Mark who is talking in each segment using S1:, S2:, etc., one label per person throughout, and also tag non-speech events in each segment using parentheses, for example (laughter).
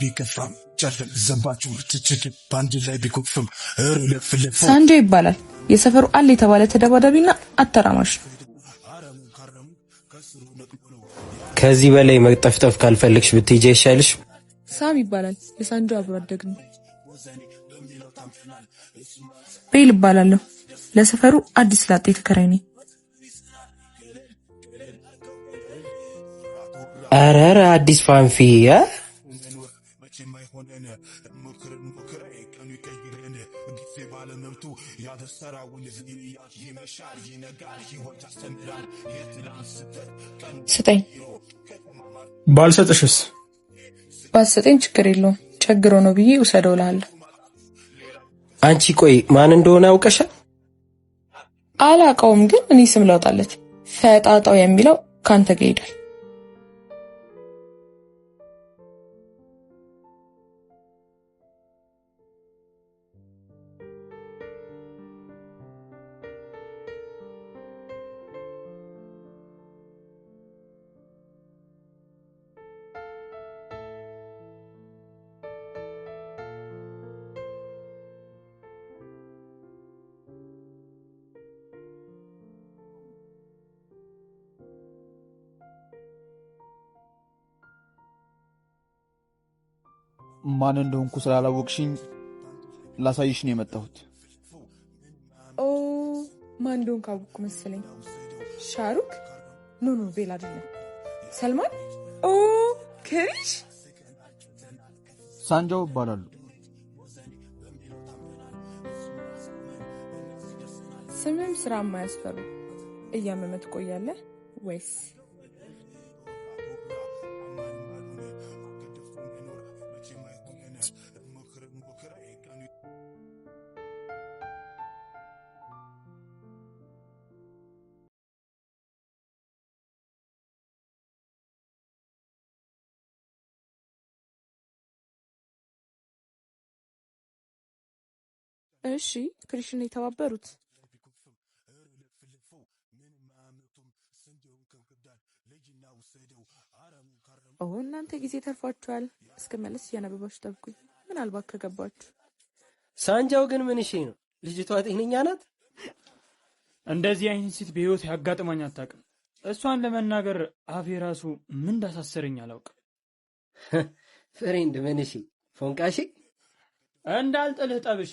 S1: ቢከፋም ጨርቅ ዘንባችሁ ትችት በአንድ ላይ ቢኮፍም ለፍለፎ
S2: ሳንጆ ይባላል። የሰፈሩ አል የተባለ ተደባዳቢና አተራማሽ
S3: ከዚህ በላይ መጠፍጠፍ ካልፈልግሽ ብትሄጂ ይሻልሽ።
S2: ሳም ይባላል። የሳንጆ አብሮ አደግ ነው። ቤል ይባላለሁ። ለሰፈሩ አዲስ ላጤ ተከራይ ነኝ።
S3: ኧረ አዲስ ፋንፊ ብርቱ
S2: ያደሰራው ልፍግንያት ይመሻል ይነጋል ህይወት ያስተምራል የትላንት ስህተት ስጠኝ ባልሰጥሽስ ባልሰጠኝ ችግር የለውም ቸግሮ ነው ብዬ ውሰደው ላለ
S3: አንቺ ቆይ ማን እንደሆነ አውቀሻል
S2: አላቀውም ግን እኔ ስም ላውጣለት ፈጣጣው የሚለው ካንተ ጋር ይሄዳል
S4: ማን እንደሆንኩ ስላላወቅሽኝ ላሳይሽ ነው የመጣሁት።
S2: ኦ ማን እንደሆንክ አወቅኩ መሰለኝ። ሻሩክ? ኖ ኖ፣ ቤል አይደለም። ሰልማን? ኦ ክሪሽ
S4: ሳንጃው ይባላሉ።
S2: ስምም ስራ የማያስፈሩ እያመመ ትቆያለህ ወይስ እሺ ክሪሽን የተባበሩት ኦሆ እናንተ ጊዜ ተርፏችኋል። እስክመለስ እያነበባችሁ ጠብቁኝ፣ ምናልባት ከገባችሁ።
S3: ሳንጃው ግን ምን እሺ ነው? ልጅቷ ጤነኛ ናት?
S4: እንደዚህ አይነት ሴት በህይወት ያጋጥማኝ አታውቅም። እሷን ለመናገር አፌ ራሱ ምን እንዳሳሰረኝ አላውቅም።
S3: (laughs) ፍሬንድ ምን እሺ ፎንቃሺ
S4: እንዳልጥልህ ጠብሺ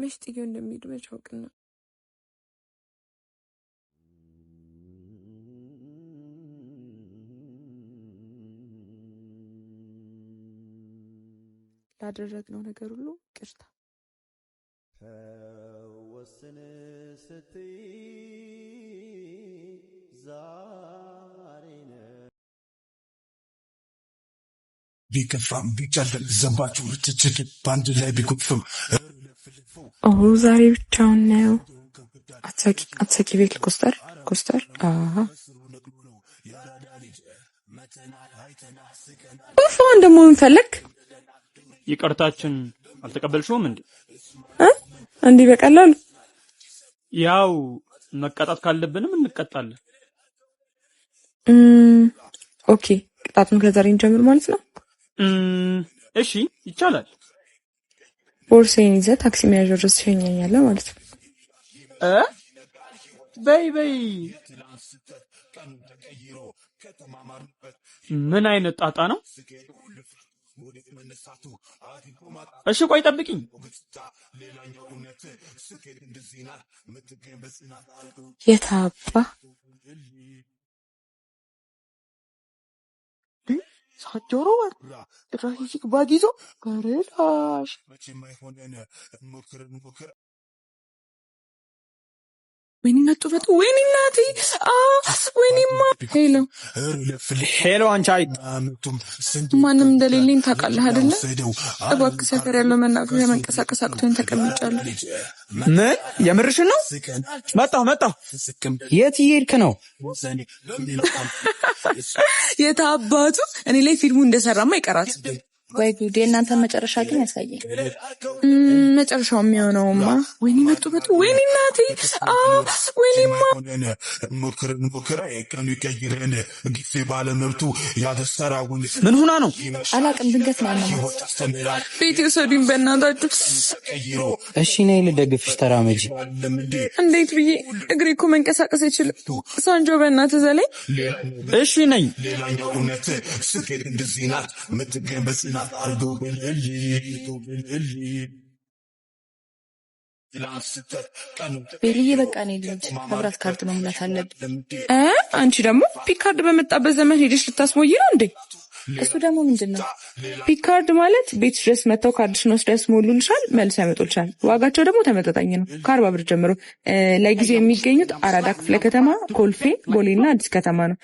S2: መች ጥዬው እንደሚሄድ መች አውቅና ላደረግነው ነገር ሁሉ ቅርታ ተወስን ስትይ
S1: ዛሬ ቢከፋም ቢቀልል ዘንባችሁ ርችችል በአንድ ላይ ቢኩፍም
S2: አሁን ዛሬ ብቻውን ነው። አትሳቂ ቤት ልኮስተር ኮስተር ኡፋን ደግሞ ምን ፈለግ?
S4: ይቅርታችን አልተቀበልሽውም እንዴ?
S2: እንዲህ በቀላሉ
S4: ያው መቀጣት ካለብንም እንቀጣለን።
S2: ኦኬ ቅጣቱን ከዛሬ እንጀምር ማለት ነው።
S4: እሺ ይቻላል።
S2: ቦርሴን ይዘህ ታክሲ መያዣ ድረስ ትሸኛኛለህ ማለት ነው።
S4: በይ በይ። ምን አይነት ጣጣ ነው? እሺ ቆይ ጠብቅኝ።
S2: የታባ ሳትጆሮዋል ስትራቴጂክ ባግ ይዞ ገርላሽ ወይኔ ናጡ ወይኔ እናቴ
S4: ሄሎ ሄሎ፣ አንቺ አይ
S2: ማንም እንደሌለኝ ታውቃለህ አይደለ? እባክህ ሰፈር ያለው መናፈሻ የመንቀሳቀስ አቅቶኝ ተቀምጫለሁ።
S4: ምን የምርሽን ነው? መጣሁ መጣሁ። የት እየሄድክ ነው?
S2: የት አባቱ እኔ ላይ ፊልሙ እንደሰራማ ይቀራት። ወይ ጉዴ! እናንተን መጨረሻ ግን ያሳየኝ። መጨረሻው የሚሆነውማ ወይኔ መጡ መጡ፣ ወይኔ እናቴ፣ ወይኔማ ሞክራ የቀኑ ይቀይረን
S4: ጊዜ ባለመብቱ ያተሰራጉን ምን ሁና ነው
S2: አላቅም። ድንገት ቤት የሰዱኝ በእናታችሁ።
S3: እሺ ነይ ልደግፍሽ፣ ተራመጂ።
S2: እንዴት ብዬ እግሬ እኮ መንቀሳቀስ አይችልም። ሳንጆ በእናትህ ዘለኝ።
S3: እሺ ነኝ። ሌላኛው እውነት ስኬት እንደዚህ ናት፣ በጽናት አርዶ ብልል
S2: ቤልዬ በቃ እኔ ልጅ መብራት ካርድ መሙላት አለብኝ። አንቺ ደግሞ ፒካርድ በመጣበት ዘመን ሄደሽ ልታስሞይ ነው እንዴ? እሱ ደግሞ ምንድን ነው ፒካርድ ማለት? ቤት ድረስ መጥተው ካርድሽን ወስደው ያስሞሉልሻል፣ መልሰው ያመጡልሻል። ዋጋቸው ደግሞ ተመጣጣኝ ነው፣ ከአርባ ብር ጀምሮ። ለጊዜ የሚገኙት አራዳ ክፍለ ከተማ፣ ኮልፌ፣ ቦሌና አዲስ ከተማ ነው።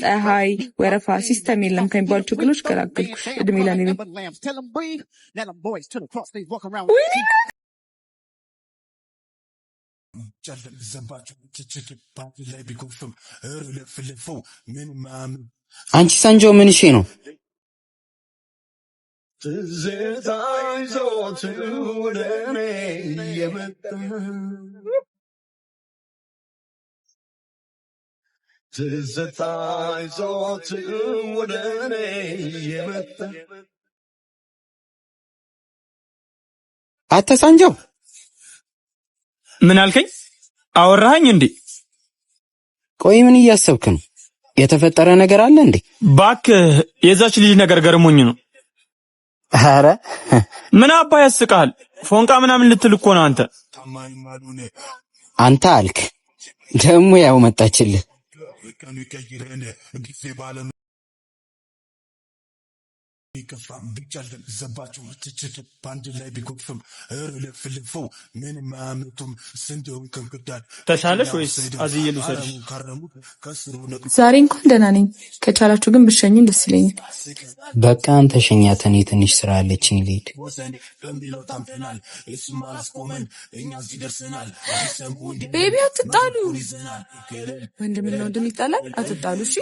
S2: ፀሐይ፣ ወረፋ፣ ሲስተም የለም ከሚባሉ ችግሮች ገላገልኩሽ። እድሜ ለኔ ነው። ጨለል ዘንባቸው
S3: ችችክ ባንድ ላይ ቢኮፍም እርለፍልፈው ምን ማም አንቺ ሳንጆ ምን ሺ ነው አተሳንጀው
S4: ምን አልከኝ? አወራኸኝ እንዴ?
S3: ቆይ ምን እያሰብክ ነው? የተፈጠረ ነገር አለ እንዴ?
S4: እባክህ የዛች ልጅ ነገር ገርሞኝ ነው። አረ ምን አባ ያስቃል? ፎንቃ ምናምን ልትል እኮ ነው አንተ
S3: አንተ አልክ ደግሞ ያው መጣችልህ። ቢከፋም ቢጨልም
S4: ዘባቸው ትችት በአንድ ላይ ቢጎፍም እለፍልፈው ምን አያመጡም። ስንዴውን ከምክዳድ ተሻለሽ ወይስ አዝዬ ልውሰድሽ?
S2: ዛሬ እንኳን ደህና ነኝ። ከቻላችሁ ግን ብሸኝን ደስ ይለኛል።
S3: በቃ አንተ ሸኛት፣ እኔ ትንሽ ስራ አለችኝ ልሂድ።
S2: ቤቢ አትጣሉ። ወንድምና ወንድም ይጣላል። አትጣሉ። እሺ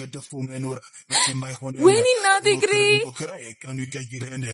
S2: ገደፎ መኖር መቼም አይሆን ወይኔ እናቴ ግሬ ሞክራ የቀኑ ይቀይረን